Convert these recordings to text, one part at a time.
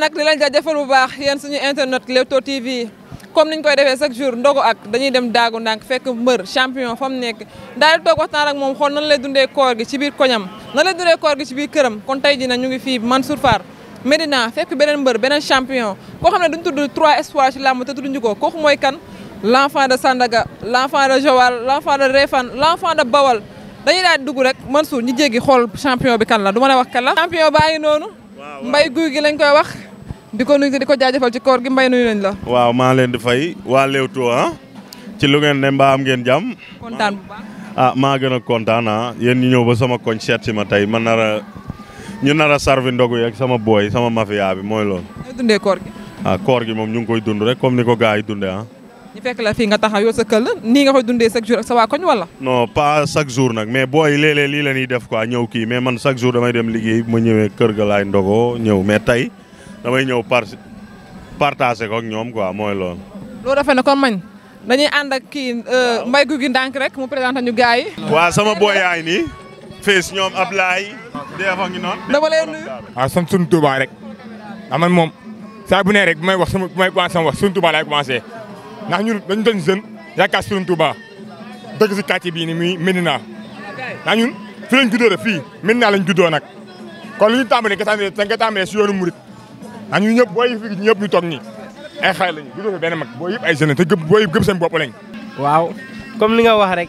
nag di leen jaajëfal bu baax yéen suñu internet Leewtoo TV comme niñ koy defee chaque jour ndogu ak dañuy dem daagu ndànk fekk mbër champion fa mu nekk daal di waxtaan ak moom xool nan lay dundee koor gi ci biir koñam nan lay dundee koor gi ci biir kon tey jii nag ñu ngi fii man Far Medina fekk beneen mbër beneen champion ko xam ne duñ tudd trois espoirs ci làmb te tudduñu ko kooku mooy kan l'enfant de Sandaga l'enfant de Joal l'enfant de Réfane l'enfant de Bawal dañuy daal di dugg rek Mansour ñu jéggi xool champion bi la du ma wax kan la champion baa ngi noonu gi lañ koy wax di ko nuyu di ko jaajëfal ci koor gi mbay nuyu nañ la. waaw maa leen di fay waa Leewtoo ah. ci lu ngeen ne mbaa am ngeen jàmm. kontaan ah maa gën a kontaan ah yéen ñu ñëw ba sama koñ seet ma tey ma nar a ñu nar a sarvi ndogu yeeg sama booy sama mafia bi mooy lool ñu dundee koor gi. ah koor gi moom ñu ngi koy dund rek comme ni ko gars yi dundee ah. ñu fekk la fii nga taxaw yow sa këll nii nga koy dundee chaque jour ak sa waa koñ wala. non pas chaque jour nag mais booy léeg-léeg lii la ñuy def quoi ñëw kii mais man chaque jour damay dem liggéey ma ñëwee kër ga ñëw mais tey damay ñëw par partagé ko ak ñoom quoi mooy loolu. loolu rafet na kon mañ dañuy ànd ak kii mbay gu gi ndànk rek mu présenté ñu gars yi. waaw sama booyaay nii. fees ñoom Ablaye. dee fa ngi noonu. dama leen nuyu. waaw ah, sant rek. am ah, man moom saa bu ne rek bu may wax sama bu may commencé sama wax suñu Touba laay commencé ndax ñun dañu doon jeune yaakaar suñu Touba dëgg si quartier bii nii muy Médina ndax ñun fi lañ juddoo rek fii Médina lañ juddoo nag kon lu ñu tàmbalee nga tàmbalee si yoonu Mouride. ndax ñu ñëpp booy yi fi ñëpp ñu toog nii ay xale lañu du benn mag booy yëpp ay jeunes te gëm booy yëpp gëm seen bopp lañ waaw comme ni nga wax rek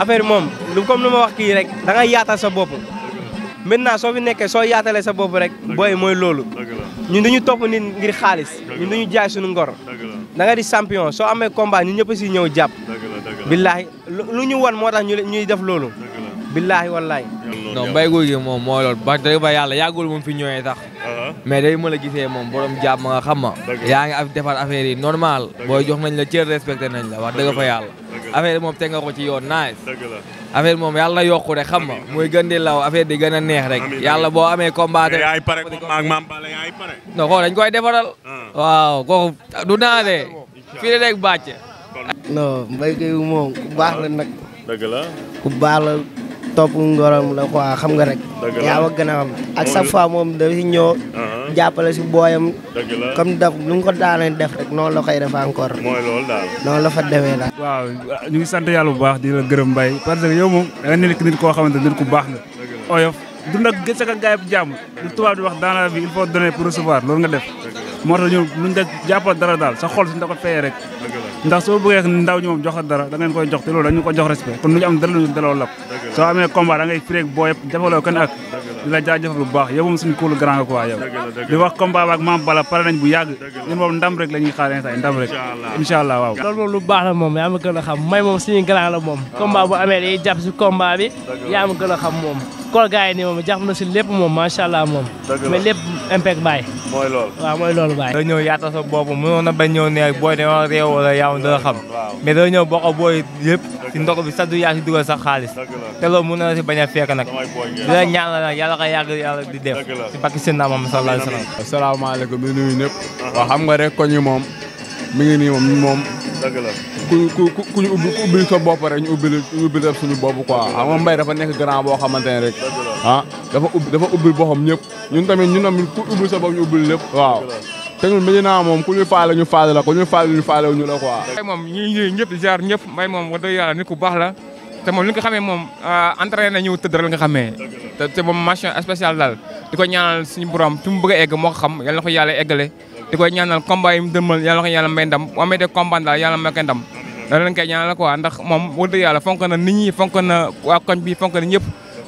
affaire moom lu comme nu ma wax kii rek da nga yaatal sa bopp maintenant soo fi nekkee soo yaatalee sa bopp rek booy mooy loolu ñun ñu topp nit ngir xaalis ñun dañu jaay suñu ngor da di champion soo amee combat ñun ñëpp si ñëw jàpp billaahi lu ñu wan moo tax ñuy def loolu billaahi wallaahi non mbay guy gi moom moo ba dëgg yàlla yàggul moom fi ñëwee tax mais day ma gisee moom borom jàmm nga xam ma yaa defar affaire yi normal booy jox nañ la cër respecté nañ la wax dëgg fa yàlla affaire yi moom teg nga ko ci yoon nice affaire moom yàlla na yokku rek xam ma muy gën di law affaire di gën a neex rek yàlla boo amee combat yaay pare ak maam Balla koy ah. waaw kooku du naa de fii rek bàcc non mbay kay moom ku baax la nag dëgg la ku topp ngoram la quoi xam nga rek. yaa wax gën a xam ak chaque fois moom dafay ñëw. Uh-huh. jàppale si booyam. comme daf lu nga ko daanee def rek noonu la koy def encore. mooy loolu daal noonu la demee daal. waaw ñu ngi sant yàlla bu baax di la gërëm mbay parce que yow moom da nga nekk nit koo xamante nit ku baax nga. oyof dund ak gëstu gaay bu jàmm lu tubaab di wax dans la vie il faut donner pour recevoir loolu nga def. moo tax ñun luñ da dara daal sa xol suñu da ko fayee rek ndax soo bëggee ndaw ñi moom jox dara da ngeen koy jox te loolu ko jox respect kon lu ñu am dara lu ñu daloo soo amee combat da ngay firéeg jafaloo kenn ak di la jaajëfal bu baax yaw moom si kuulu grand nga quoi yow di wax combat ba ak maam bala pare nañ bu yàgg ñun moom ndam rek la ñuy xaar instant ndam rek incha allah waaw loolu moom lu baax la moom yaa ma gën a xam may moom suñu grand la moom ah. combat bu amee day jàpp si combat a xam moom koor gars yi nii moom jàpp na si lépp moom macha allah moom. mais lépp impec baay. mooy loolu waaw mooy loolu baay. da ñëw yaatal sa bopp mënoon na bañ ñëw ne booy dañoo réew wala yaa ngi doon xam. mais da ñëw bokk booy yëpp. bi sadu yaa si dugal te loolu mën na si bañ a fekk nag. di la ñaanal nag yàlla ko yàgg yàlla di wa sallam. asalaamaaleykum ñu uh-huh. moom mi ngi nii moom moom. dëgg la ku ku ku ku ñu ubbi ku suñu bopp quoi xam nga mbay dafa nekk grand boo xamante ne rek. ah dafa ubbi dafa ubbi boppam ñëpp. ñun tamit ñun tamit ku ubbi sa bopp ñu ubbi lépp. waaw te ñun naa moom ku ñu faale ñu faale la ku ñu faale ñu faale ñu la quoi. mbay moom ñi ñëpp jaar ñëpp mbay moom wax dëgg yàlla nit ku baax la te moom li nga xamee moom ah, entraîné nañu tëddal nga xamee. te te moom mention spéciale daal di ko ñaanal suñu borom fi mu bëgg a egg moo xam yàlla na ko yàlla eggale di koy ñaanal combat yi mu dëmmal yàlla ko yàlla may ndam bu amee de combat daal yàlla may ko ndam da leen koy ñaanal quoi ndax moom wax dëgg yàlla fonk na nit ñi fonk na waa koñ bi fonk na ñëpp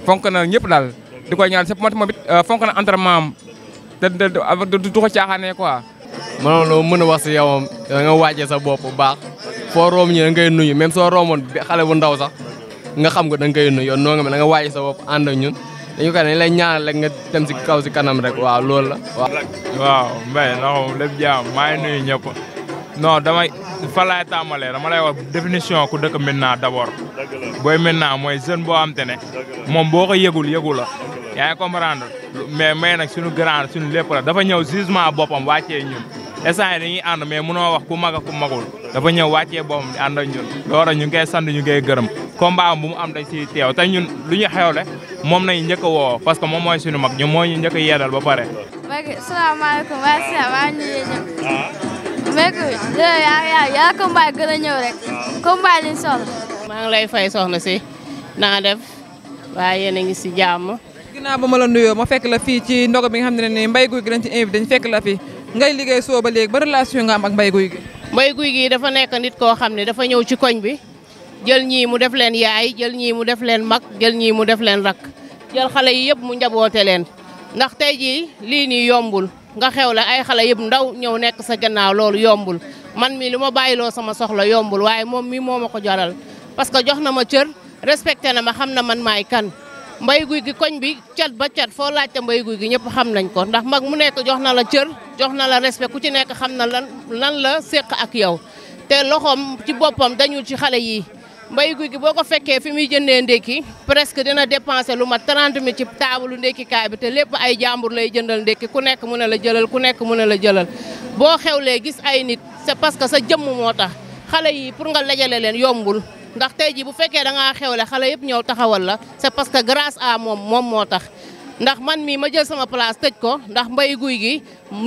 fonk na ñëpp daal di koy ñaanal sa moom moom it euh, fonk na entraînement am te te du ko caaxaanee quoi. maanaam loo mën a wax si yow da nga waajee sa bopp bu baax foo room ñi da ngay nuyu même soo roomoon xale bu ndaw sax nga xam nga da nga koy nuyu yow noo nga mel da nga waajee sa bopp ànd ak ñun dañu ko ne lay ñaanal rek nga dem si kaw si kanam rek waaw loolu la. waaw Mbaye ndax moom lépp jaam maa ngi nuyu ñëpp non damay fa laay tàmbalee dama lay wax définition ku dëkk Médina d'abord. booy Médina mooy jeune boo am te ne. moom boo ko yëgul yëgu la. yaa ngi comprendre mais mais nag suñu grand suñu lépp la dafa ñëw jugement boppam wàccee ñun. instant yi dañuy ànd mais mënoo wax ku mag ak ku magul dafa ñëw wàccee boppam di ànd ak ñun loolu ñu ngi koy sant ñu koy gërëm combat bu mu am dañ si teew te ñun lu ñu xewle moom nañ njëkk a woo parce que moom mooy suñu mag ñu moo ñu njëkk a yeedal ba pare. ok salaamaaleykum wa rahmatulah. combat gën a ñëw rek. combat liñ soxla. maa ngi lay fay soxna si naa def waaye yéen a ngi si jàmm. ginnaaw ba ma la nuyoo ma fekk la fii ci ndogo bi nga xam ne nii mbay guy gi ci invité ñu fekk ngay liggéey soo ba léegi ba relation nga mag ak mbay guy gi mbay guy gi dafa nekk nit koo xam ne dafa ñëw ci koñ bi jël ñii mu def leen yaay jël ñii mu def leen mag jël ñii mu def leen rakk jël xale yi yëpp mu njaboote leen ndax tey jii lii nii yombul nga xew la ay xale yëpp ndaw ñëw nekk sa gannaaw loolu yombul man mi lu ma bàyyiloo sama soxla yombul waaye moom mi moo ma ko jaral parce que jox na ma cër respecté na ma xam na man maay kan mbay guy gi koñ bi cat ba foo laajte mbay gi ñëpp xam nañ ko ndax mag mu nekk jox na la cër jox na la respect ku ci nekk xam na lan lan la séq ak yow te loxoom ci boppam dañul ci xale yi mbay guy boo ko fekkee fi muy jëndee ndékki presque dina dépenser lu mat 30 mille ci taabalu ndékkikaay bi te lépp ay jàmbur lay jëndal ndékki ku nekk mën na la jëlal ku nekk mën na la jëlal boo xewlee gis ay nit c'est parce que sa jëmm moo tax xale yi pour nga lajale leen yombul ndax tey ji bu fekkee da ngaa xewle xale yëpp ñëw taxawal la c'est parce que grâce à moom moom moo tax ndax man mii ma jël sama place tëj ko ndax mbay guy gi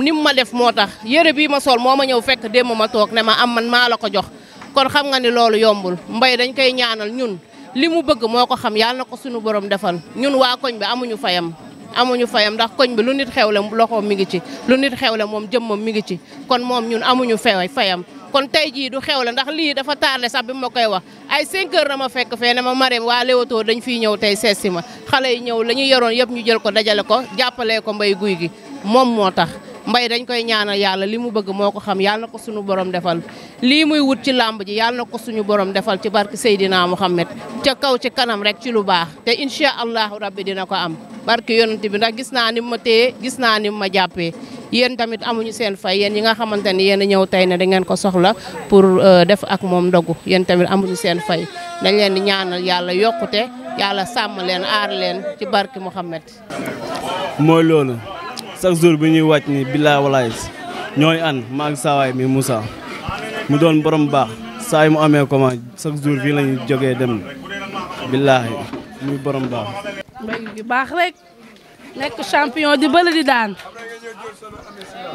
ni mu ma def moo tax yére bii ma sol moo ma ñëw fekk démb ma toog ne ma am man maa la ko jox kon xam nga ni loolu yombul mbay dañ koy ñaanal ñun li mu bëgg moo ko xam yàlla na ko suñu borom defal ñun waa koñ bi amuñu fayam amuñu fayam ndax koñ bi lu nit xew la loxoom mi ngi ci lu nit xew la moom jëmmam mi ngi ci kon moom ñun amuñu fay fayam kon tey jii du xew la ndax lii dafa tardé sax bi moo koy wax ay 5 heures na ma fekk fee ne ma Marème waa Leewtoo dañ fiy ñëw tey seet si ma xale yi ñëw la ñu yoroon yëpp ñu jël ko dajale ko jàppalee ko mbay guy gi moom moo tax mbay dañ koy ñaanal yàlla li mu bëgg moo ko xam yàlla na ko suñu borom defal lii muy wut ci làmb ji yàlla na ko suñu borom defal ci barke Seydina Muhammad ca kaw ci kanam rek ci lu baax te incha allahu rabbi dina ko am barke yonent bi ndax gis naa ni ma téye gis naa ni ma jàppee yéen tamit amuñu seen fay yéen ñi nga xamante ni yéen a ñëw tey ne da ngeen ko soxla pour euh, def ak moom ndogu yéen tamit amuñu seen fay dañ leen di ñaanal yàlla yokkute yàlla sàmm leen leen ci barke Muhammad chaque jour bi ñuy wàcc ni billaa walaay ñooy ànd maag saawaay mi Moussa mu doon borom baax saay mu amee comment chaque jour fii lañuy jogee dem billaahi muy borom baax mbay gi baax rek nekk champion di bële di daan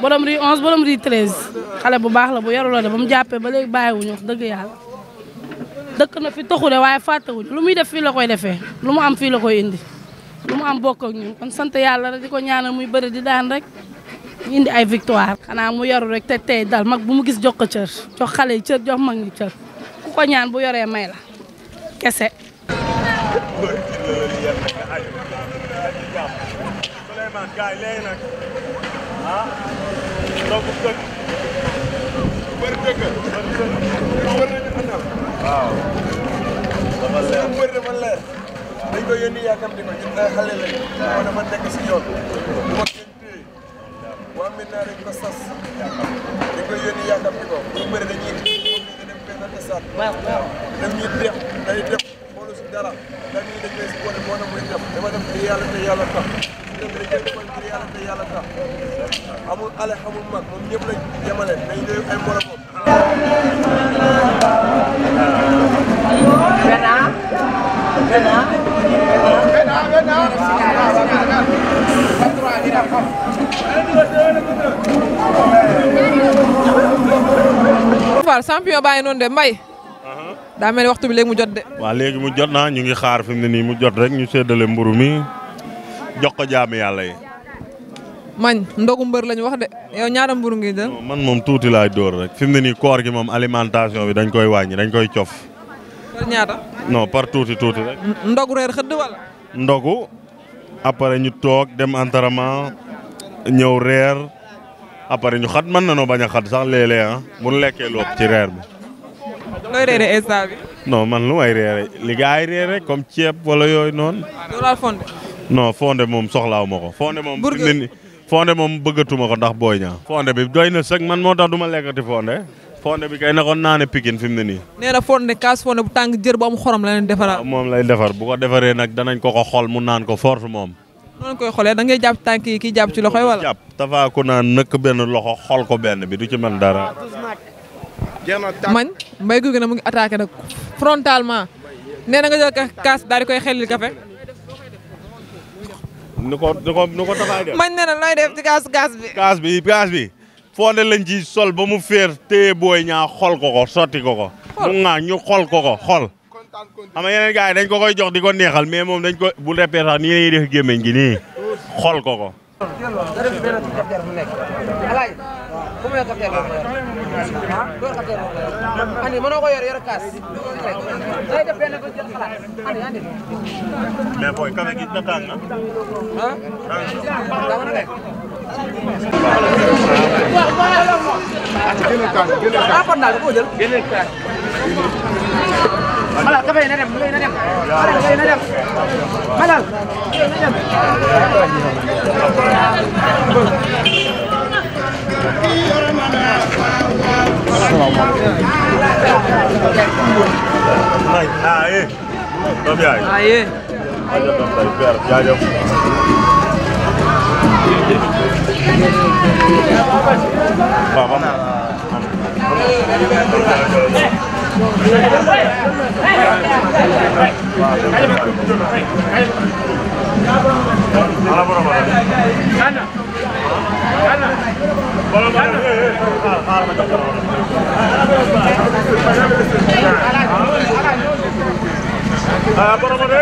borom ri 11 borom ri 13 xale bu baax la bu yarula de ba mu jàppee ba léegi bàyyiwuñu wax dëgg yàlla dëkk na fi taxu de waaye fàttewuñu lu muy def fii la koy defee lu mu am fii la koy indi lu mu am bokk ak ñun kon sant yàlla rek di ko ñaanal muy bëri di daan rek ñu indi ay victoire. xanaa mu yoru rek te tey dal mag bu mu gis jox ko cër jox xale yi cër mag ñi ku ko ñaan bu yoree may la kese. dañ ko yónni yaakam di ko ñun ay xale lañ moo dafa nekk si yoon bu ma kenn téye waa mit naa dañ ko sas dañ ko yónni yaakam di ko bu bëri dañuy obligé dem benn stade dañuy def day def xoolu si dara ndax ñii dañ koy si boole moo na muy def dama dem ngir yàlla te yàlla tax def dañ koy defal ngir yàlla te yàlla tax amul ale xamul mag moom ñëpp lañ yemale dañ koy ay moromam Gana Gana Fall champion bàyyi noonu de Mbaye. daa mel ni waxtu bi léegi mu jot de. waa léegi mu jot naa ñu ngi xaar fi ne nii mu jot rek ñu seddale mburu mi jox ko jaami yàlla yi. mañ ndogu mbër lañu wax de yow ñaata mburu ngi jël. man moom tuuti laay dóor rek fi mu ne nii koor gi moom alimentation bi dañ koy wàññi dañ koy cof. par ñaata. non par tuuti tuuti rek. ndogu reer xëdd wala. ndogu après ñu toog dem entraînement ñëw reer après ñu xat mën nañoo bañ a xat sax léeg-léeg ah lekkee lu ci reer bi. looy man lu may reere li gars yi reere comme ceeb wala yooyu noonu. waaw fonde. non fonde moom soxlaaw ma ko. fonde moom fonde moom bëggatuma ko ndax booy ñaa fonde bi doy na sëg man moo tax du ma lekkati fonde. fonde bi kay nakoon naa ne Pikine fi mu ne nii. nee fonde kaas fonde bu tàng jër bu am xorom la leen defaraat. Ah, moom lay defar bu ko defaree nag danañ ko ko xol mu naan ko force moom. noonu koy xoolee da jàpp tànk yi jàpp ci loxo yi wala. jàpp tafaa ku naan benn loxo xol ko benn bi du ci mën dara. man mbay gu gi na mu ngi attaqué nag frontalement na nga jël kaas daal di koy xelil kafe. ni ko ni ko ni ko kaas bi. kaas bi kaas bi. Fodé lañ ci sol ba mu féer téye booy ñaa xol ko ko sotti ko ko. mu ŋaa ñu xol ko ko xol. xam nga yeneen gars dañ ko koy jox di ko neexal mais moom dañ ko bu rëppee sax nii la ñuy def gémmiñ gi nii xol ko ko. mais malal kafe na dem na dem na dem malal na dem Aye. Aye. Aye. Aye. Aye. Aye. Babam. Ala bora bora. Kana. Kana. Bora bora. Ala bora bora. Ala bora bora.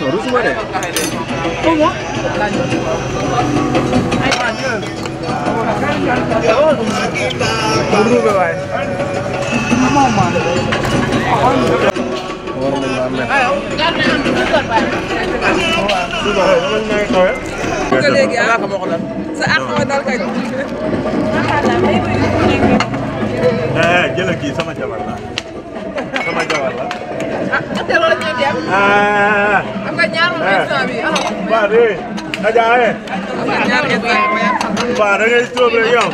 non rusuma de. jëla kii sama jabar la sama jabar la ah te loolu ñu ngi am. ah. am nga ñaar moom instant bii. waaw léegi. Adja Aye. waaw da ngay sóob rek yow.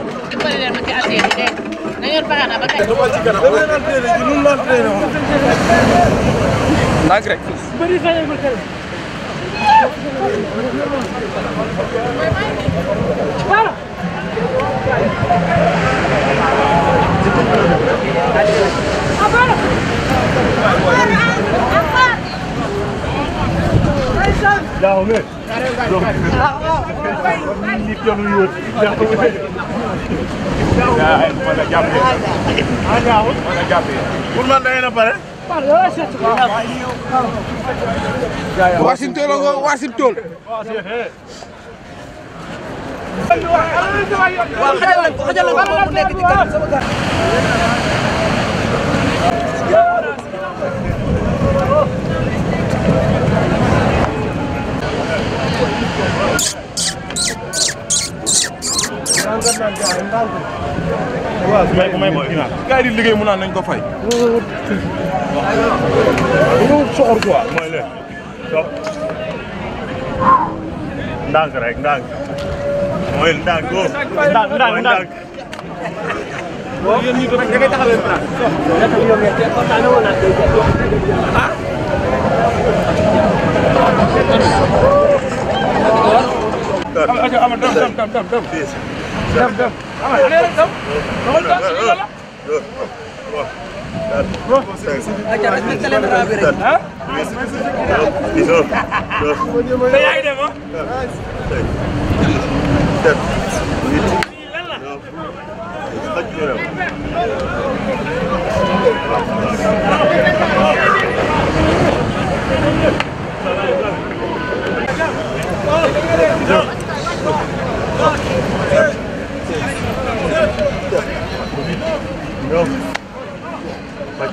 naag rek. Para! Devam et. Yok. Milyonu yiyor. Devam et. Ya, bana gelmiyor. Hadi abi. Bana gelmiyor. Kurban dayana para. Wasim tol nga wasim tol. waaw xajal nañ ko xajal may ko may ko final. di liggéey mu naan nañ ko fay. waaw soxor quoi mooy lépp. rek ndànk. mooy ndànk boo ndànk ndànk ndànk. boo yéen ñi doon da ngay taxawee Franc. ah. Amadou Amadou dem dem dem dem. dem dem Amadou allez rek dem. loolu daal suñu wàll. loolu loolu. loolu. loolu. loolu. sept huit neuf xaj ñëwam Go. Bye.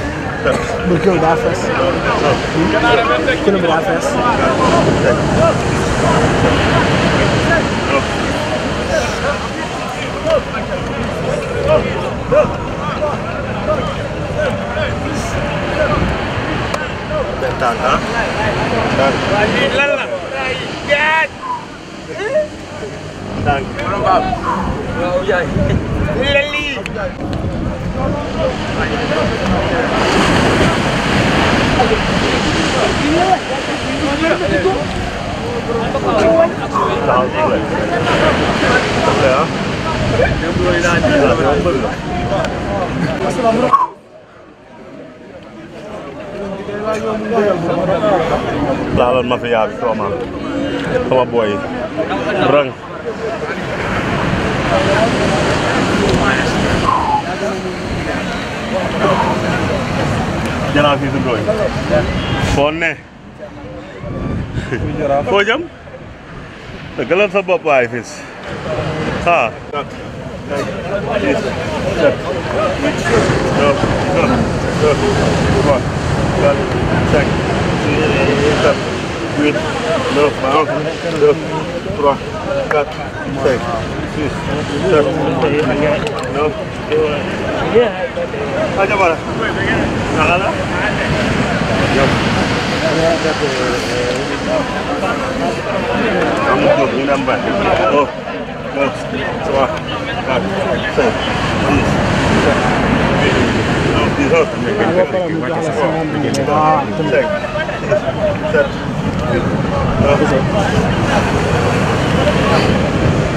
bu kër daa fees. kër bi daa fees. bentaan ah. ndànk. ndànk. laalal mafia bi sama sama boy rang Jaraaf Youssou Ndoye foo ne foo jëm dëggalal sa bopp waay fils ah huit neuf deux trois quatre cinq six sept huit Vaya para. ¿Nagada? Vamos con un ámbar. Dos, dos, tres, cuatro, seis, Thank you.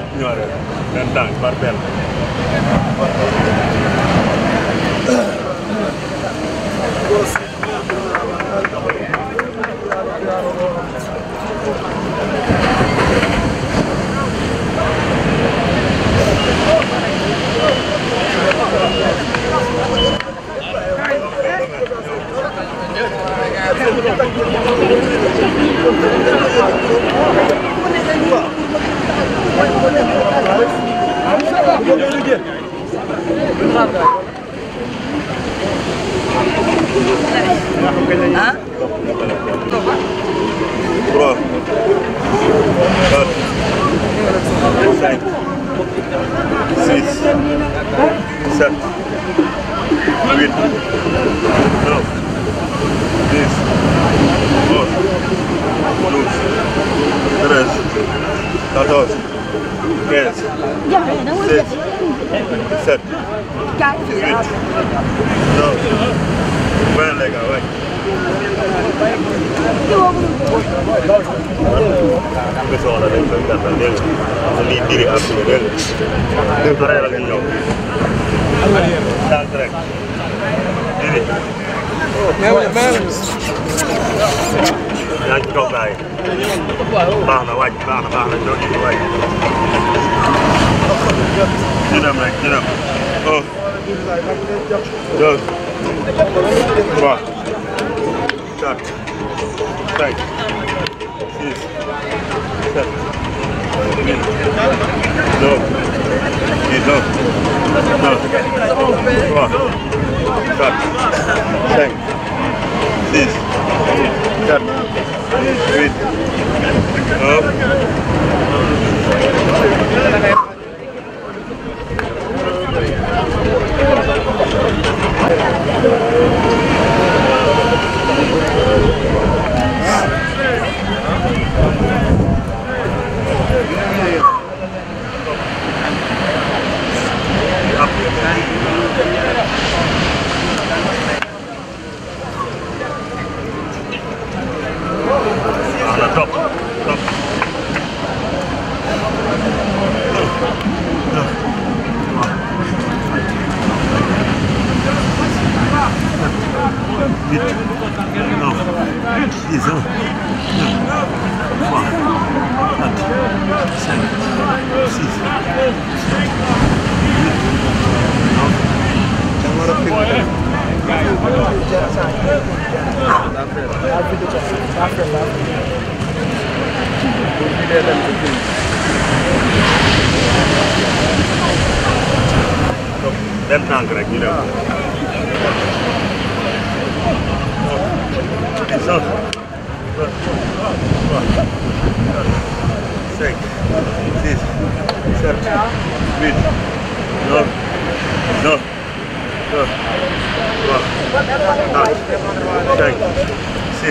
trop ñoore benn tànk par benn Thank you. Allez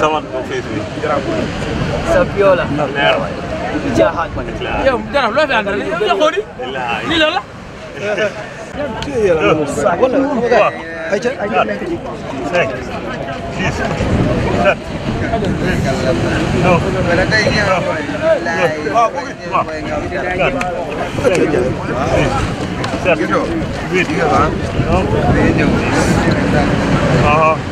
Samad bu fees bi. sa bio la. leer waay. jaaxaat ma ne. yow jaraaf loo fi àndal yow xooli. lii loolu la. Six. Seven. Eight. Nine.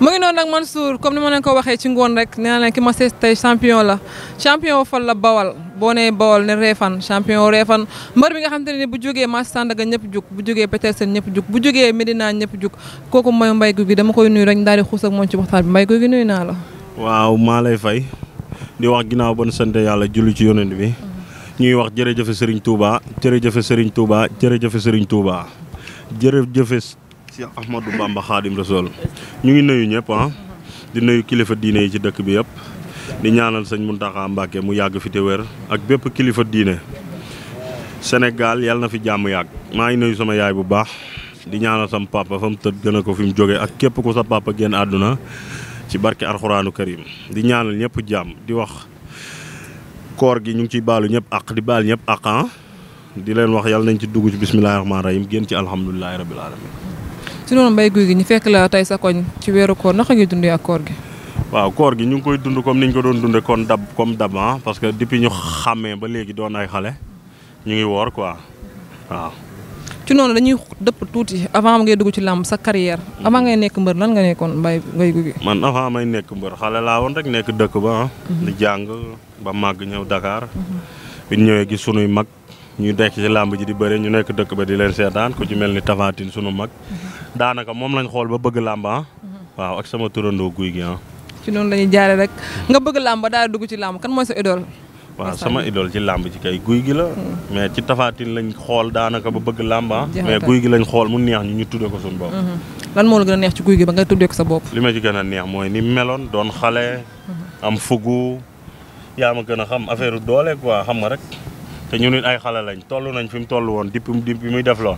mu ngi noonu nag Mansour comme ni ma leen ko waxee ci ngoon rek nee na ki ma sees tey champion la champion fan la bawal boo nee bawal ne reefan champion reefan mbër bi nga xam te ne bu jógee Mass Sandaga ñëpp jóg bu jógee Petersen ñëpp jug bu jógee Medina ñëpp jug kooku mooy Mbaye Gouy Gui dama koy nuyu rek daal di xuus ak moom ci waxtaan bi Mbaye Gouy Gui nuyu naa la. waaw maa lay fay di wax ginnaaw bon sant yàlla julli ci yonent bi. ñuy wax jërëjëfe sëriñ Touba jërëjëfe sëriñ Touba jërëjëfe sëriñ Touba jërëjëfe Cheikh Ahmadou Bamba Khadim Rasoul ñu ngi nuyu ñëpp ah di nuyu kilifa diine yi ci dëkk bi yëpp di ñaanal sëñ Mountakha Mbacké mu yàgg fi te wér ak bépp kilifa diine Sénégal yàlla na fi jàmm yàgg maa ngi nuyu sama yaay bu baax di ñaanal sam papa fa mu tëdd gën ko fi mu jógee ak képp ku sa papa génn àdduna ci barke alxuraanu karim di ñaanal ñëpp jàmm di wax koor gi ñu ngi ciy baalu ñëpp ak di baal ñëpp ak ah, di leen wax yàlla nañ ci dugg ci bismillahi rahmaani rahim génn ci alhamdulilahi rabil alamin si noonu mbay guy gi ñu fekk la tey sa koñ ci weeru koor naka ngay dundee ak koor gi waaw koor gi ñu ngi koy dund comme niñ ko doon dundee kon dab comme dab ah parce que depuis ñu xàmmee ba léegi doon ay xale ñu ngi woor quoi waaw ci noonu dañuy dëpp tuuti avant ngay dugg ci làmb sa carrière avant ngay nekk mbër lan nga nekkoon mbay ngay gugi man avant may nekk mbër xale laa woon rek nekk dëkk ba ah. mhm. di jàng ba màgg ñëw dakaar mhm. bi ñëwee gi sunuy mag ñu dekk ci làmb ji di bëre ñu nekk dëkk ba di leen seetaan ku ci mel ni Tafatine sunu mag mhm. daanaka moom lañ xool ba bëgg làmb ah waaw ak sama turandoo guy gi ah ci noonu lañuy jaare rek nga bëgg làmb daal dugg ci làmb ka mooy sa waaw sama idole ci làmb ci kay guy gi la. Hmm. mais ci tafaatin lañ xool daanaka ba bëgg làmb ah. mais guy gi lañ xool mu neex ñu ñu tuddee ko suñu bopp. Hmm. lan moo la gën a neex ci guy gi ba nga tuddee sa bopp. li ma ci gën a neex mooy ni meloon doon xale. Hmm. am fugu yaa ma gën a xam affaire doole quoi xam nga rek. te ñu nit ay xale lañ toll nañ fi mu toll woon depuis depuis muy def lool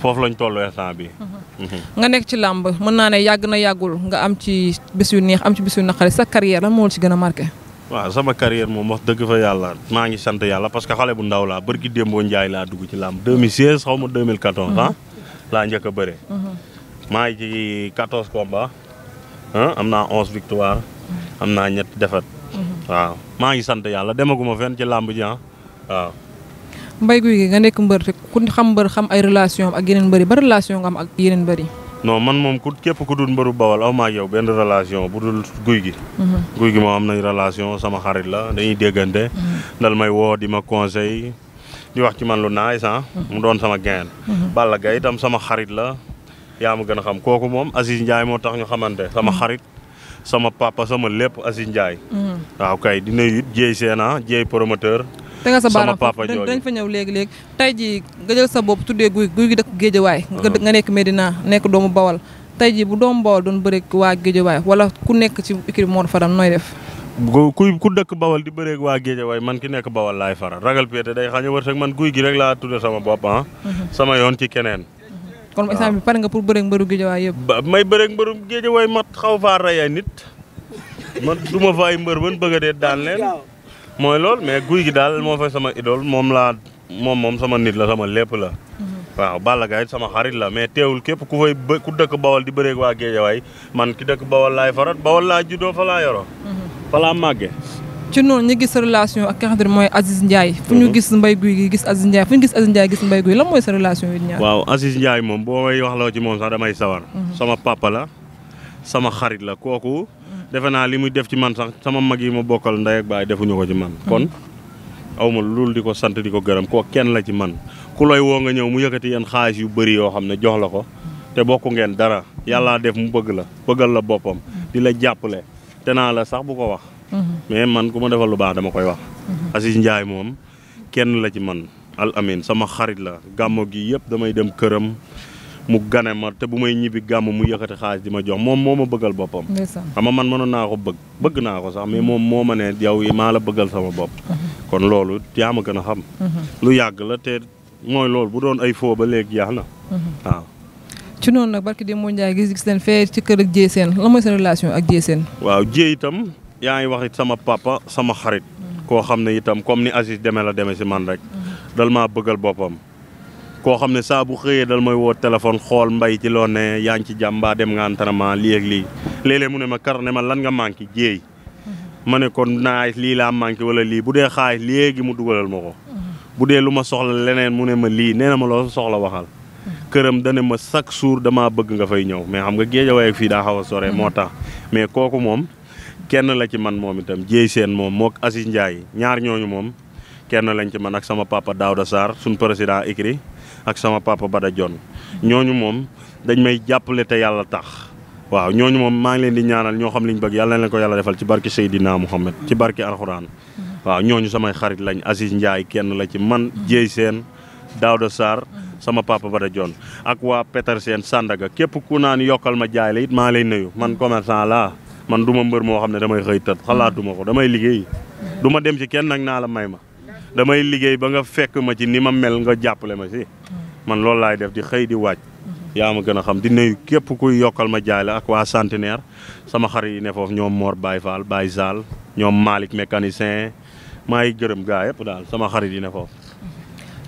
foofu lañ toll instant bi nga nekk ci làmb mën naa ne yàgg na yàggul nga am ci bés yu neex am ci bés yu naqari sa carrière lan moo la ci gën a marqué. waaw sama carrière moom wax dëgg fa yàlla maa ngi sant yàlla parce que xale bu ndaw laa bërki démboo njaay laa dugg ci làmb 2016 xaw ma 2014 ah laa njëkk a bëre mhm. maa ngi ci 14 combats ah, am naa 11 victoire am naa ñett défaite mhm. waaw maa ngi sant yàlla demaguma fenn ci làmb ji ah waaw Mbaye Gouy Gui nga nekk mbër te ku xam mbër xam ay relation ak yeneen mbër yi ba relation nga am ak yeneen mbër non man moom ku képp ku dul mbaru bawal aw ma ak yow benn relation bu dul guy gi. Mhm. guy gi moom am na relation sama xarit la dañuy déggante. Mhm. dal may woo di ma conseil di wax ci man lu naay ah. sax. Mhm. mu doon sama gain. Balla Gaye itam sama xarit la yaa ma gën a xam kooku moom Aziz Ndiaye moo tax ñu xamante sama xarit. sama papa sama lépp Aziz Ndiaye. Mhm. waaw kay di nuyu it Dieye Séna Dieye promoteur. te nga sa baaraam foofu dañ fa ñëw léegi léegi tey jii nga jël sa bopp tuddee guy guy gi dëkk Géejawaay. Ah. nga nekk Medina nekk doomu Bawal. tey jii bu doomu Bawal doon bëreeg waa Géejawaay wala ku nekk ci équipe Mor Fadam nooy def. ku ku dëkk Bawal di bëreeg waa Géejawaay man ki nekk Bawal laay faral ragal péete day xañ a wërsëg man guy gi rek laa tudde sama bopp ah. Mhm. sama yoon ci keneen. kon instant bi pare nga pour bëreeg mbëru géejawaay yëpp. ba may bëreeg mbëru géejawaay mat xaw faa rey nit man du ma fay mbër ban bëgg a dee daan leen. mooy loolu mais guy gi daal moo fay sama idole moom laa moom moom sama nit la sama lépp la. Mhm. waaw Balla Gaye sama xarit la mais teewul képp ku fay bë dëkk bawal di bëreeg waa géejawaay man ki dëkk bawal laay farat bawal laa juddoo fa laa yoroo. Mhm. fa laa màggee. ci noonu ñu gis sa relation ak ki mooy Aziz Ndiaye. fu ñu mhm. gis mbay Guy gi gis Aziz Ndiaye fu ñu gis Aziz Ndiaye gis mbay Guy la mooy sa relation yi ñaar. waaw Aziz Ndiaye moom boo may wax loo ci moom sax damay sawar. Mhm. sama papa la sama xarit la kooku. defe naa li mu def ci man sax sama mag yi ma bokkal ndey ak baay defuñu ko ci man. Mhm. kon aw ma loolu di ko sant di ko gërëm koo kenn la ci man ku lay woo nga ñëw mu yëkkati yan xaalis yu bëri yoo xam ne jox la ko. te bokku ngeen dara yàllaa def mu bëgg la bëggal la boppam. di la jàppale te la sax bu ko wax mais man ku ma defal lu baax dama koy wax. Aziz Ndiaye moom kenn la ci man al amin sama xarit la gàmmo gi yëpp damay dem këram mu gane ma te bu may ñibbi gàmm mu yëkkati xaalis di ma jox moom moo ma bëggal boppam. xam man mënoon naa ko bëgg bëgg naa ko sax mais moom moo ma ne yow maa la bëggal sama bopp. kon loolu yaa ma gën a xam. lu yàgg la te mooy loolu bu doon ay foo ba léegi yaax na. waaw. ci noonu nag barki di moo Ndiaye gis gis leen fee ci kër ak yaa ngi wax it sama papa sama xarit koo xam ne itam comme ni Aziz demee la demee si man rek dal maa bëggal boppam koo xam ne saa bu xëyee dal may woo téléphone xool mbay ci loo ne yaa ngi ci jàmm mbaa dem nga entraînement lii lii léeg mu ne ma kar ne ma lan nga manqué jéey mhm. ma ne kon naay lii laa manqué wala lii bu dee xaay léegi mu dugalal ma ko mhm. bu dee lu ma soxla leneen mu ne ma lii nee na ma loo soxla waxal mhm. këram dane ma chaque jour damaa bëgg nga fay ñëw mais xam nga géejawaay fii daa xaw a sore moo tax mais kooku moom kenn la ci man moom itam jéey seen moom mook Aziz Ndiaye ñaar ñooñu moom kenn lañ ci man ak sama papa Daouda Sarr suñ président écrit ak sama papa Bada Dione ñooñu moom dañ may jàppale te yàlla tax waaw ñooñu moom maa ngi leen di ñaanal ñoo xam liñ bëgg yàlla na ko yàlla defal ci barke Seydina Mouhamed ci barke alxuraan waaw ñooñu samay xarit lañ Aziz Ndiaye kenn la ci man jéey seen Daouda Sarr sama papa Bada Dione ak waa seen Sandaga képp ku naan yokkal ma jaay la it maa lay nuyu man commerçant laa man du ma mbër moo xam ne damay xëy tat xalaatuma ko damay liggéey du ma dem ci kenn nag naa la may ma damay liggéey ba nga fekk ma ci ni ma mel nga jàppale ma si man loolu laay def di xëy di waaj yaa ma gën a xam di nuyu képp kuy yokkal ma jaay la ak waa centenaire sama xar yi ne foofu ñoom Mor Baye Fall Baye saal ñoom maalik mécanicien maa ngi gërëm gaa yëpp daal sama xarit yi ne foofu.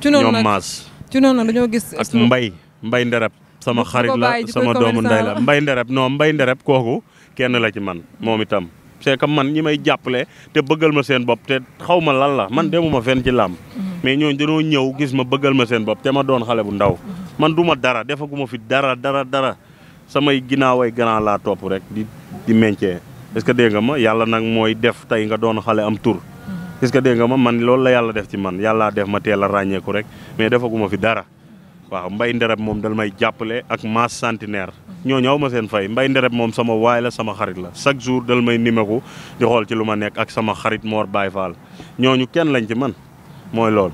ci ñoom Maas ci noonu dañoo gis. ak mbay mbay ndereb sama xarit la sama doomu ndey la mbay ndereb noo mbay ndereb kooku. kenn la ci man moom itam c'est man ñi may jàppale te bëggal ma seen bopp te xaw ma lan la man mm. demuma fenn ci làmb mm. mais ñoo dañoo ñëw gis ma bëggal ma seen bopp te ma doon xale bu ndaw mm. man du ma dara defaguma fi dara dara dara samay ginnaaw ay grand laa topp rek di di meñcee est-ce que dégg nga ma yàlla nag mooy def tey nga doon xale am tur est-ce que dégg nga ma man loolu la yàlla def ci man yàllaa def ma teel a ràññeeku rek mais defaguma fi dara waaw mbay nderet moom dal may jàppale ak maas centenaire ñoo ñëw ma seen fay mbay ndereb moom sama waay la sama xarit la chaque jour dal may nimeku di xool ci lu ma nekk ak sama xarit Mor Baye Fall ñooñu kenn lañ ci man mooy lool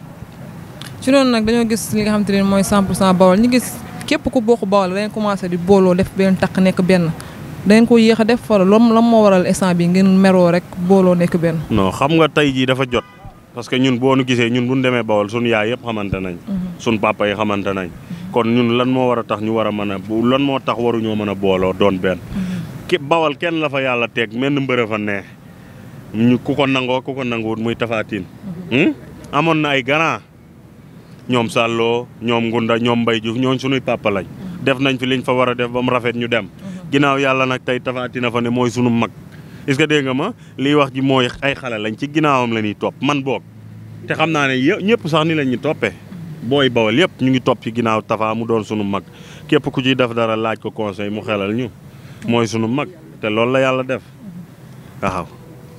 ci noonu nag dañoo gis li nga xamante ne mooy 100 pour cent Bawol ñu gis képp ku bokk Bawol dañ commencé di booloo def benn takk nekk benn dañ ko yéex a def wala lan lan moo waral instant bi ngeen meroo rek booloo nekk benn. non xam nga tey jii dafa jot. parce que ñun boo nu gisee ñun bu ñu demee Bawol suñu yaay yëpp xamante nañ. Mhm. suñu papa yi xamante nañ. Mhm. kon ñun lan moo war a tax ñu war a mën a bu lan moo tax waruñoo mën a booloo doon benn. Mhm. ki Bawol kenn la fa yàlla teeg menn mbërë fa ne ku ko nangoo ku ko nanguwut muy tafaatin. Hmm? amoon na ay grand ñoom Salloo ñoom Ngunda ñoom mbay Diouf ñooñ suñuy papa lañ. def nañ fi liñ fa war a def ba mu rafet ñu dem. ginnaaw yàlla nag tey tafaatina fa ne mooy sunu mag. est-ce que dégg nga ma liy wax ji mooy ay xale lañ ci ginnaawam la ñuy topp man boog te xam naa ne ñëpp sax ni la ñuy toppee booy bawal yëpp ñu ngi topp ci ginnaaw Tapha mu doon sunu mag képp ku ciy def dara laaj ko conseil mu xelal ñu mooy sunu mag te loolu la yàlla def waaw.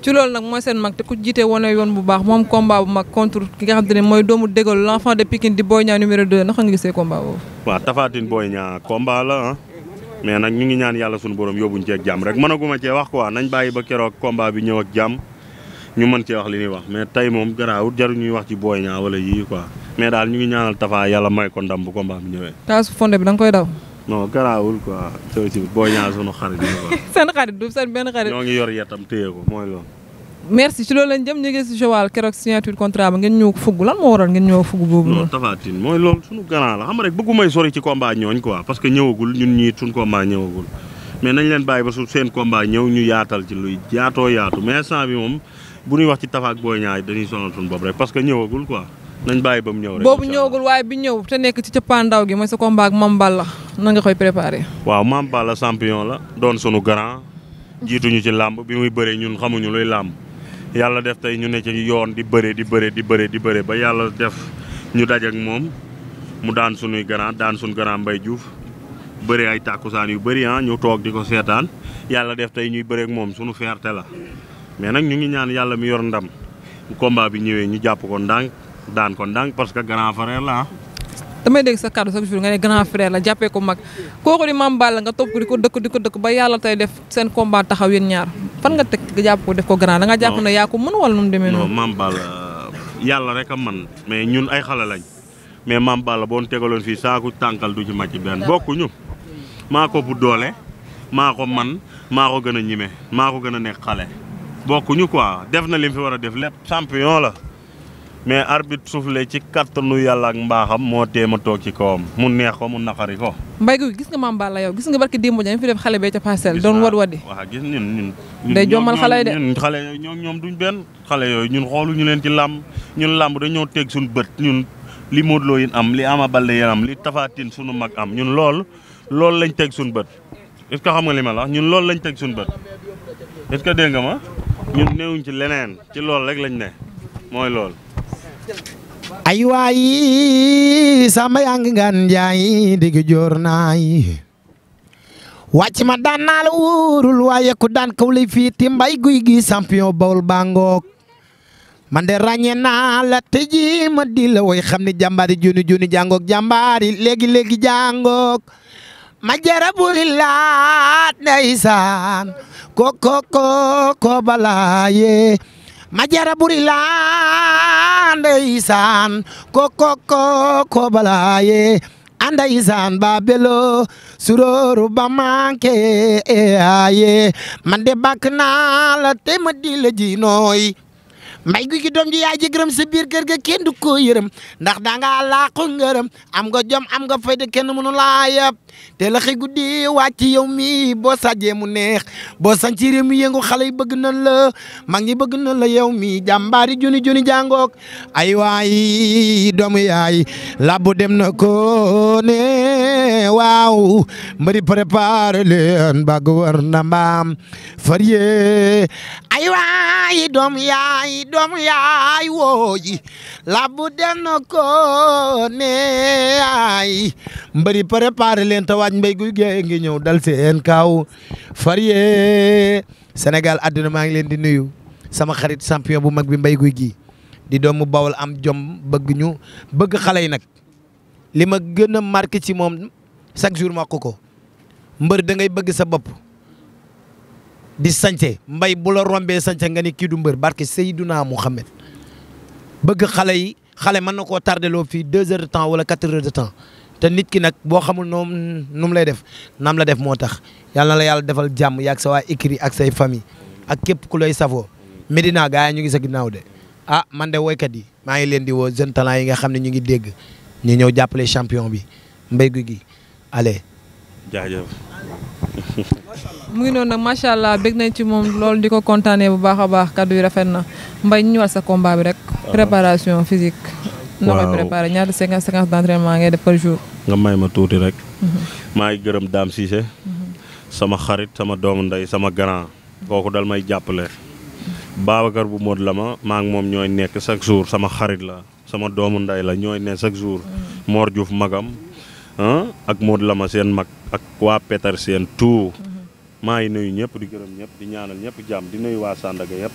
ci loolu nag mooy seen mag te ku jiite wane yoon bu baax moom combat bu mag contre ki nga xam te ne mooy doomu dégal l'enfant de Pikine di Boy Niang numéro 2 naka nga gisee combat mais nag ñu ngi ñaan yàlla suñu borom yóbbuñ ci ak rek mënaguma cee wax quoi nañ bàyyi ba keroog combat bi ñëw ak jàmm ñu mën cee wax li ñuy wax mais tey moom garaawut jaru ñuy wax ci Boy Niang wala yii quoi mais daal ñu ngi ñaanal Tapha yàlla may ko ndam bu combat bi ñëwee. taasu fonde bi da koy daw. non garaawul quoi. soo ci Boy Niang sunu xarit. seen xarit du seen benn xarit. ñoo ngi yor yetam merci ci loolu lañ jëm ñu ngi si Joal keroog signature contrat ba ngeen ñëw ko fugg lan moo waral ngeen ñëw fugg boobu. non Tapha Tine mooy loolu suñu grand la xam rek bëggu may sori bàyyi ba su seen combat ñëw ñu yaatal ci luy yaatoo yaatu mais bi moom bu ñuy wax ci Tapha ak Boy Niang dañuy sonal suñu bopp rek parce que ñëwagul quoi. nañ ba mu ñëw rek boobu ñëwagul waaye bi ñëw te nekk ci cëppaandaw gi mooy sa combat ak Mame Balla na nga koy préparé. waaw Mame Balla champion la doon sunu grand jiituñu ci làmb bi muy bëree ñun xamuñu luy làmb yàlla def tey ñu ne ci yoon di bëre di bëre di bëre di bëre ba yàlla def ñu daj ak moom mu daan sunuy grand daan suñu grand Mbaye Diouf bëre ay tàkkusaan yu bëri ah ñu toog di ko seetaan yàlla def tey ñuy bëre ak moom sunu fierté la mais nag ñu ngi ñaan yàlla mi yor ndam bu combat bi ñëwee ñu jàpp ko ndànk daan ko ndànk parce que grand frère la ah. damay dégg sa kàddu chaque jour nga ne grand frère la jàppee ko mag kooku di Mame Balla nga topp di ko dëkk ba yàlla tey def seen combat taxaw yéen ñaar fan nga teg nga jàpp ko def ko grand da nga jàpp ne yaa ko mën wala nu mu noonu. maam Balla yàlla rek a man mais ñun ay xale lañ mais maam Balla boo tegaloon fii saaku tànkal du ci màcc benn bokkuñu maa ko bu doole maa ko man maa ko gën a ñime maa ko gën a nekk xale bokkuñu ko def na li fi war a def lépp champion la. mais arbitre soufflé ci kattanu yàlla ak mbaaxam moo tee ma toog ci kawam mu neex ko mu naqari ko. mbay gu gis nga maam Balla yow gis nga barki démb dañ fi def xale bee ca parcelle. doon wad wadi waaw gis ñun ñun. day jommal xale de yooyu ñoom ñoom duñ benn xale yooyu ñun xoolu ñu leen ci làmb ñun làmb dañoo teg suñu bët ñun li Modou Lo yin am li am Baldé yin am li tafaatin Tine suñu mag am ñun lool loolu lañ teg suñu bët est-ce que xam nga li ma ñun loolu lañ teg suñu bët est que dégg nga ma ñun néewuñ ci leneen ci loolu rek lañ ne mooy loolu ay waayi samba yaa ngi ngan jaay digg joor naay wàcc ma daan naa la wóorul waaye ku daan kaw lay fiiti mbay guy gi champion bawol bangook man de ràññee naa la te ma di woy xam ne jàmbaari juni juni jàngook jàmbaari legi léegi jàngook ma jara buri laat ndeysaan ko ko ko ko balaaye ma jara buri laa ndeysaan ko ko ko ko balaaye andaysaan ba belo surooru ba manke e aye man de bakk naa la te ma di la ji nooy mbay gu gi doom ji yaay ji gërëm sa biir kër kenn du ko yërëm ndax dangaa làqu ngërëm am nga jom am nga fayda kenn mënu laa yëpp te la xëy guddi wàcc yow mi boo sajjee mu neex boo sañ ci réew mi yëngu xale yi bëgg nañ la mag ñi bëgg nañ la yow mi jàmbaari juni juni jàngook ay waay doomu yaay labbu dem na ko waaw mbëri préparé leen bàgg war na mbaam far ay waay doom yaay doom yaay wooyi labbu den ko ne ay mbëri préparé leen te waaj mbéy guy gee ngi ñëw dal seen kaw far yee Sénégal àdduna maa ngi leen di nuyu sama xarit champion bu mag bi mbéy guy gi di doomu bawol am jom bëgg ñu bëgg xale yi nag li ma gën a marqué ci moom chaque jour ma ko ko mbër dangay bëgg sa bopp di sance mbay bu la rombee sance nga ni kii du mbër barke Seydina Muhammad bëgg xale yi xale man na koo tardeloo fii deux heures de temps wala quatre heures de temps te nit ki nag boo xamul noom nu lay def nam la def moo tax yàlla na la yàlla defal jàmm yaag sa waa écrit ak say famille ak képp ku lay safoo Medina gaa yi ñu ngi sa ginnaaw de ah man de woykat yi maa ngi leen di woo jeune talent yi nga xam ne ñu ngi dégg ñu ñëw jàppale champion bi mbéy gi ale jaajëf mu ngi noonu nag macha allah bég nañ ci moom loolu di ko kontaanee bu baax a baax kaddu yi rafet na mbay ñu ñëwaat sa combat bi rek. Ah. préparation physique. waaw na koy préparé ñaata séquence séquence d' entraînement ngay def par jour. nga may ma tuuti rek. Mhm. maa ngi gërëm daam Cissé. Mhm. sama xarit sama doomu nday sama grand. kooku dal may jàppale. Babacar bu mot la ma maa ngi moom ñooy nekk chaque jour sama xarit la sama doomu ndey la ñooy nekk chaque jour. Mhm. Mor Diouf magam ak la ma seen mag ak waa Peter seen tout. maa ngi nuyu ñëpp di gërëm ñëpp di ñaanal ñëpp jàmm di nuyu waa Sandaga yëpp.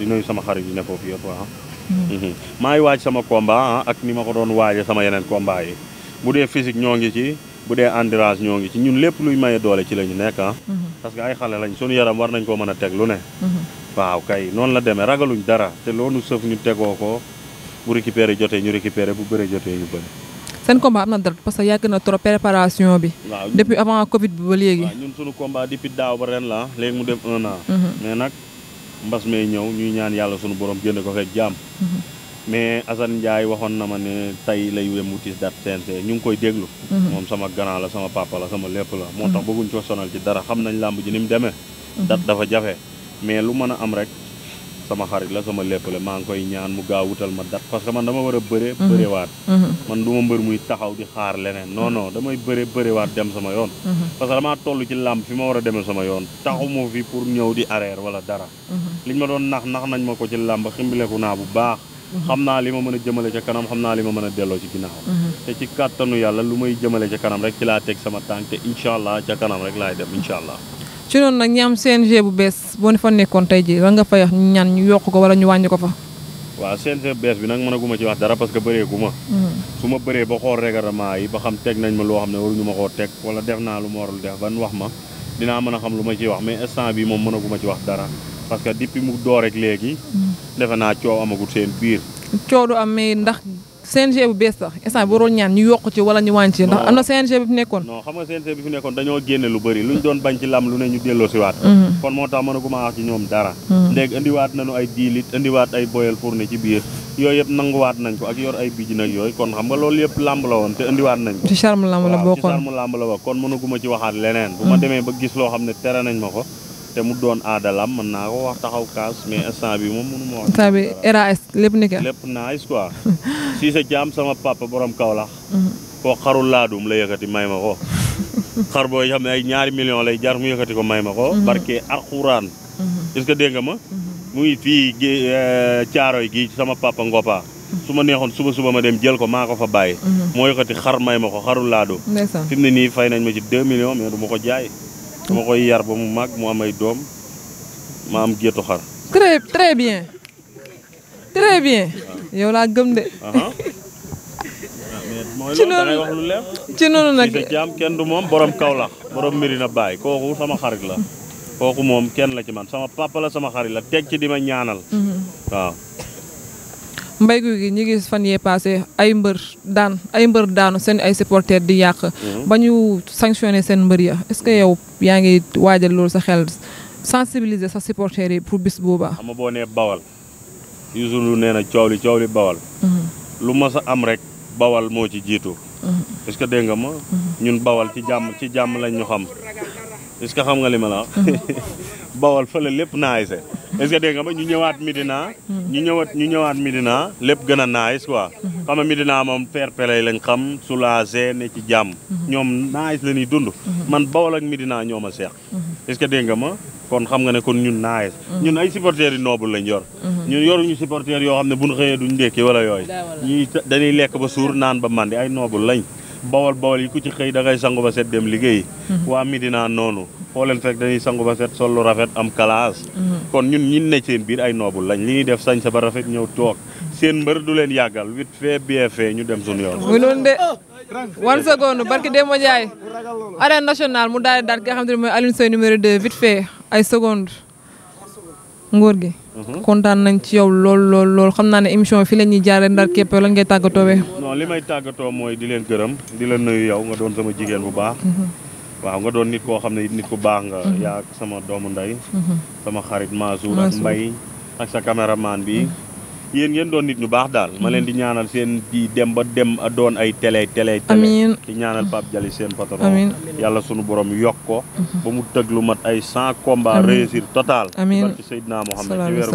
di nuyu sama xarit yi ne foofu yëpp waaw. Ah. maa ngi waaj sama combat ah, ak ni ma ko doon waaje sama yeneen combat yi bu dee physique ñoo ngi ci bu dee endurance ñoo ngi ci ñun lépp luy maye doole ci la ñu nekk ah. parce que ay xale lañ sunu yaram war nañ koo mën a teg lu ne. waaw kay noonu la demee ragaluñ dara te loolu sëf ñu tegoo ko bu récupéré jotee ñu récupéré bu bëre jotee seen combat am na dara parce que yàgg na trop préparation bi. depuis avant Covid bi ba léegi. waaw ñun suñu combat depuis daaw ba ren la léegi mu dem un an. Mhm. mais nag mbas may ñëw ñuy ñaan yàlla sunu borom génne ko fekk jàmm. Mhm. mais Assane Ndiaye waxoon na ma ne tey lay wemu tis dat CNG ñu ngi koy déglu. Mhm. moom sama grand la sama papa la sama lépp la. moo tax bëgguñ ko sonal ci dara xam nañ làmb ji ni mu demee. dat dafa jafe mais lu mën a am rek. sama xarit la sama lépp la maa ngi koy ñaan mu gaaw wutal ma dat parce que man dama war a bëre mhm. bërewaat mhm. man du ma mbër muy taxaw di xaar leneen non non damay bëre bërewaat dem sama yoon mhm. parce que damaa ci làmb fi ma war a demee sama yoon taxu fi pour ñëw di arrière wala dara liñ ma doon nax nax nañ ma ko ci làmb ximbileku naa bu baax xam naa li ma mën a jëmale ca kanam xam naa li ma mën a delloo ci ginnaaw te ci kàttanu yàlla lu may jëmale ca kanam ci noonu nag ñi am CNG bu bees boo fa nekkoon tey ji ranga nga fay wax ñu yokk ko wala ñu wàññi ko fa waaw CNG bees bi nag mënaguma ci wax dara parce que bëree gu ma mm-hmm. su ma bëree ba xool règlement yi ba xam teg nañ ma loo xam ne waruñu ma koo teg wala def naa lu ma warul def ban wax ma dinaa mën a xam lu ma ciy wax mais instant bii moom mënaguma ci wax dara parce que depuis mu door rek léegi mm-hmm. defe naa coow amagut seen biir coow du am mais ndax CNG bu bees sax instant bi waroon ñaan ñu yokk ci wala ñu wàññi ci ndax am na CNG bi fi nekkoon non xam nga CNG bi fi nekkoon dañoo génne lu bëri lu ñu doon bañ ci lam lu ne ñu delloo si waat mhm. kon moo tax mënaguma wax mhm. indiwaat nañu ay diilit indiwaat ay boyal pour ne ci biir yooyu yëpp nanguwaat nañ ko ak yor ay bij nag yooyu kon xam nga loolu yëpp lamb la woon te indiwaat nañ ko ci charme lamb la bokkoon ci charme lamb la bokk kon mënaguma ci waxaat leneen bu ma mhm. demee ba gis loo xam ne tere nañ ma ko te mu doon aadalam mën naa ko wax taxaw kaas mais instant bi moom mënu ma wax. instant bi RAS lépp ni lépp nice quoi. si sa jaam sama papa borom Kaolack. koo xarul laadum la yëkkati may ma ko. xar booy xam ne ñaari million lay jar mu ko may ma ko. Mhm. barke alxuraan. Mhm. est-ce que ma. Mhm. muy fii euh, caaroy gii sama papa Ngopa. su ma neexoon suba suba ma dem jël ko maa ko fa bàyyi. moo yëkkati xar may ma ko xarul laadum. ne nii fay nañ ma ci 2 millions mais du ma ko jaay. dama koy yar ba mu màgg mu am ay doom ma am géttu xar. très bien très bien. yow laa gëm de. ci noonu wax lu leer ci jaam kenn du moom borom Kaolack borom Medina Baye kooku sama xarit la kooku moom kenn la ci man sama papa sama xarit la teg ci di ma ñaanal mhm. waaw. mbay guy gi ñi ngi fan yee passé ay mbër daan ay mbër daanu seen ay supporter di yàq. Mhm. ba ñu sanctionné seen mbër ya est-ce que yow yaa ngi waajal loolu sa xel sensibiliser sa supporter yi pour bis boobaa. xam nga boo nee bawal Youssou Ndour nee na coow coow li bawal. Mhm. lu mas a bawal moo ci jiitu. Mhm. est-ce que ma. ñun bawal ci jàmm ci jàmm lañ xam bawal fële lépp nice est ce que ñu ñëwaat Medina. Hmm. ñu ñëwaat ñu ñëwaat lépp gën a nice quoi. Hmm. xam nga Medina moom fair-play lañ xam soulagé ne ci jàmm. Hmm. ñoom nice la ñuy dund. man bawal ak Medina ñoo ma seex. est ce que dégg ma kon xam nga ne kon ñun nice. ñun ay supporters yi noble lañ yor. ñun yoruñu supporters yoo xam ne bu ñu xëyee duñ ndékki wala yooyu. ñuy dañuy lekk ba suur naan ba mandi ay noble lañ. bawal bawal yi ku ci xëy da ngay sangu ba set liggéey. waa Medina foo leen fekk dañuy sangu ba set sol rafet am classe. Mhm. kon ñun ñi ne seen biir ay noobul lañ li ñuy def sañ sa ba rafet ñëw toog seen mbër du leen yàggal huit fee bien fee ñu dem suñu yoon. muy noonu de wan seconde barki Demba Ndiaye. arène nationale mu daal daal ki nga xam ne mooy Alioune Seye numéro 2 vite fait ay seconde ngóor gi. Mhm. kontaan nañ ci yow lool lool lool xam naa ne émission fi fii ñuy jaaree ndar képp lan ngay tàggatoo be. li may tàggatoo mooy di leen gërëm di leen nuyu yow nga doon sama jigéen bu baax. Mhm. waaw nga doon nit koo xam ne nit ku baax nga. Mhm. yaa sama doomu ndey. Mhm. sama xarit Mansour ak Mbaye ak sa caméraman bi. Mhm. yéen ngeen doon nit ñu baax daal. ma leen di ñaanal seen di dem ba dem a doon ay tele tele amiin di ñaanal Pape Dialy seen patron. yàlla sunu borom yokk ko. ba mu tëgg lu mat ay cent combat réussir total. amiin barke Seydina Mohamed ci weeru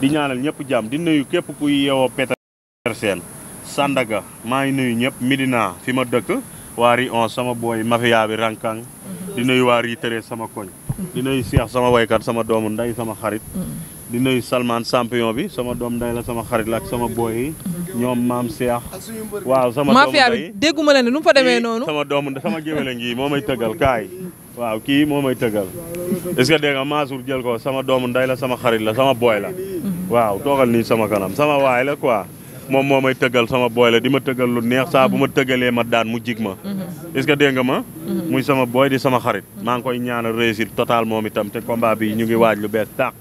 di ñaanal ñëpp jàmm di nuyu képp kuy yeewoo Petersen. Sandaga maa ngi nuyu ñëpp Medina fi ma dëkk. waa yi on sama booy mafia bi rankang di nuyu waar yi tëree sama koñ di nuyu Cheikh sama waykat sama doomu nday sama xarit di nuyu Salman champion bi sama doom nday la sama xarit la sama booy yi ñoom maam Cheikh waaw sama mafia bi dégguma la ne nu mu demee noonu sama doomu sama géwél a ngi moo may tëggal kaay waaw kii moo may tëggal est jël ko sama doomu nday la sama xarit la sama booy la mm-hmm. waaw toogal nii sama kanam sama waay la quoi moom moo may tëggal sama booy la di ma tëggal lu neex saa bu ma tëggalee ma daan mu jig ma. Mm-hmm. est-ce que dégg nga ma. Mm-hmm. muy sama booy di sama xarit. maa ngi koy ñaanal réussite total moom itam te combat bi ñu ngi waaj lu bees tàq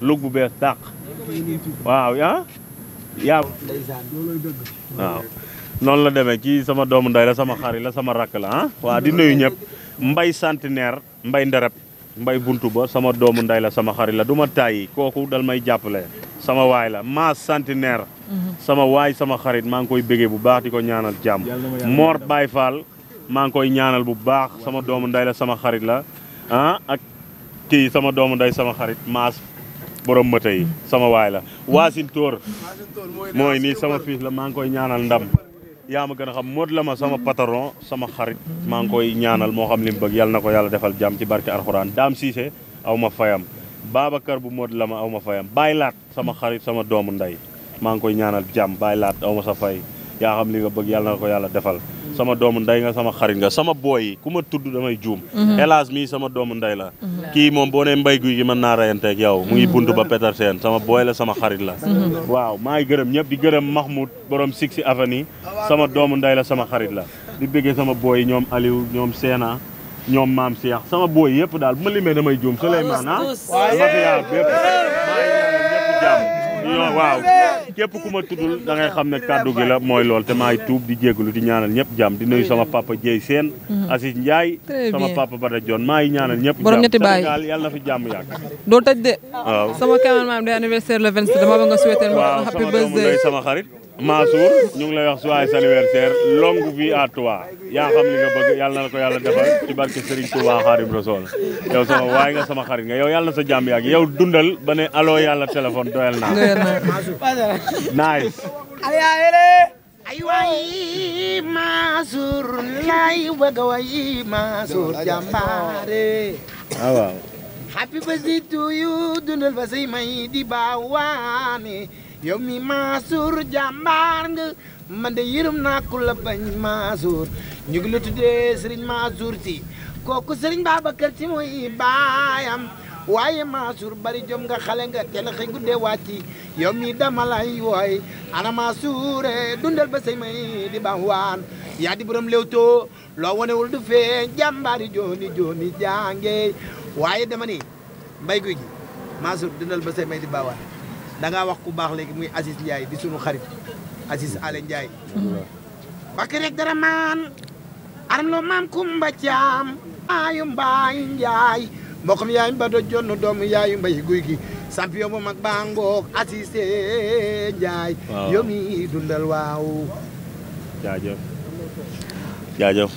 lug bu bees tàq waaw ah. yaa waaw noonu la demee ci sama doomu ndey la sama xarit la sama rakk la ah. waa di nuyu ñëpp mbay santineer mbay nderep mbay bunt ba sama doomu ndey la sama xarit la du ma tàyyi kooku dal may jàppale sama waay la ma centenaire. sama waay sama xarit maa ngi koy bëggee bu baax di ko ñaanal jàmm moor Baye Fall maa ngi koy ñaanal bu baax sama doomu nday la sama xarit la ah ak kii sama doomu nday sama xarit maas borom ma tey sama waay la waasin tóor mooy nii sama fils la maa ngi koy ñaanal ndam yaa ma gën a xam mood la ma sama patron sama xarit maa ngi koy ñaanal moo xam li mu bëgg na ko yàlla defal jàmm ci barke alxuraan daam siise aw ma fayam kër bu mood la ma aw ma fayam bàyyi laat sama xarit sama doomu nday maa ngi koy ñaanal jàmm baay laat aw ma sa fay yaa xam li nga bëgg yàlla na ko yàlla defal mm-hmm. sama doomu ndey nga sama xarit nga sama booy ku ma tudd damay juum mm-hmm. hélas mii sama doomu ndey la mm-hmm. kii moom boo ne mbay guy gi mën naa reyanteeg yow mu ngi bunt ba Petersen sama booy la sama xarit la waaw maa ngi gërëm ñëpp di gërëm Mahmoud borom Six Avenue sama doomu ndey la sama xarit la di bëggee sama booy ñoom Aliou ñoom Seena ñoom maam Cheikh sama booy yëpp daal bu ma damay juum Souleymane ah non waaw képp ku ma tuddul da ngay xam ne kàddu gi la mooy lool te maay tuub di jégalu di ñaanal ñëpp jàmm di noyu sama papa Dieye Sène mhm. Assis Ndiaye sama papa Bada Dione maa ngi ñaanal ñëpp borom ñetti baay yàlla na fi jàmm yàgg doo tëj de waaw sama cameraman day anniversaire dama ba nga souhaiter ma happy birthday sama xarit Mansour ñu ngi lay wax joyeux anniversaire longue vie à toi yaa xam li nga bëgg yàlla na la ko yàlla defal ci barke Serigne Touba Xaadimu Rasuul sama waaye nga sama xarit nga yow yàlla na sa jàmm yàgg yow dundal ba ne allo yàlla téléphone doyal naa. nice. ay waay Mansour lay bëgg a waay Mansour jàmbaare. Ah, waaw. happy birthday dundal ba say may di baawaane. yow mi Mansour jàmbaar nga man de yërëm naa ku la bañ Mansour ñu ngi la tuddee Serigne Mansour si kooku Serigne Babacar si mooy baayam waaye Mansour bari jom ga xale nga teel a xëy guddee wàcc yow mi dama lay wooy ana Mansour eh, dundal ba say may di baax waan yaa di borom Leewtoo loo wanewul du fee jàmbaari jooni jooni jànge waaye dama ni guy gi Mansour dundal ba say may di baax waan da ngaa wax ku baax léegi muy Aziz Ndiaye di sunu xarit Aziz Ale Ndiaye. bakki rek dara aram loo maam Kumba Caam aayu mbaay Ndiaye mbokkam yaay mba do jonn doomu yaayu mbay guy gi champion bu mag baa ngoog Aziz Ndiaye. yomi dundal waaw. jaajëf jaajëf.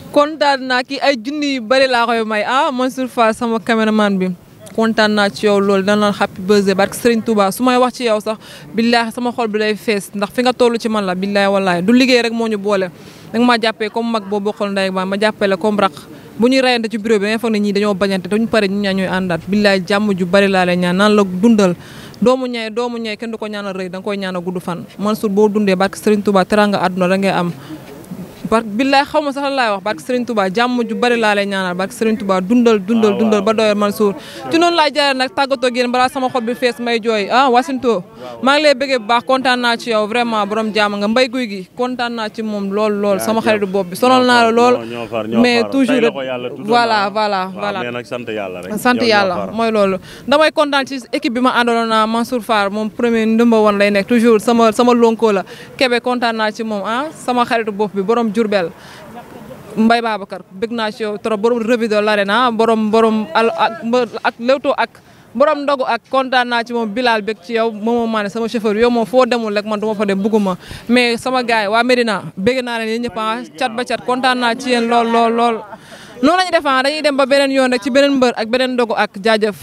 naa ki ay junni yu laa koy may ah Mansour Fall sama caméraman bi. kontaan naa ci yow loolu dana la happy birthday barke Serigne Touba su may wax ci yow sax billaay sama xol bi day fees ndax fi nga toll ci man la billaay wallaay du liggéey rek moo ñu boole danga maa jàppee comme mag boo bokkal ndey ba ma jàppee la comme rakk bu ñuy rayante ci bureau bi nga foog ne ñii dañoo bañante dañu pare ñu ñaa ñooy àndaat billaay jàmm ju bari laa lay ñaan naan la dundal doomu ñay doomu ñay kenn du ko ñaanal rëy da nga koy ñaanal gudd fan Mansour boo dundee barke Serigne Touba teranga àdduna da ngay am barke billaay xaw ma sax lan laay wax barke Serigne Touba jàmm ju bari laa la ñaanal barke Serigne Touba dundal dundal ah, ba doyal Mansour ci noonu laa jaare nag tàggatoo ak yéen balaa sama xol bi fees ma jooy ah Wassinto maa ngi lay bëggee bu baax kontaan naa ci yow vraiment borom jàmm nga mbay guy gi kontaan naa ci moom lool lool sama xaritu bopp bi sonal naa lool mais toujours sama sama lonko la naa ci moom ah, sama xaritu bopp bi Diourbel Mbaye Babacar bëgg naa ci yow trop borom revue de l'arène borom borom ak Leewtoo ak borom ndogu ak kontaan naa ci moom Bilal ci yow moom maa ne sama chauffeur yow moom foo demul rek man du ma fa dem bugguma mais sama gars yi waa Medina bëgg naa leen yéen ñëpp ah, cat ba cat kontaan naa ci yéen lool lool lool. noonu la ñu defaan ah, dem ba beneen yoon rek ci beneen mbër ak beneen ndogu ak jaajëf.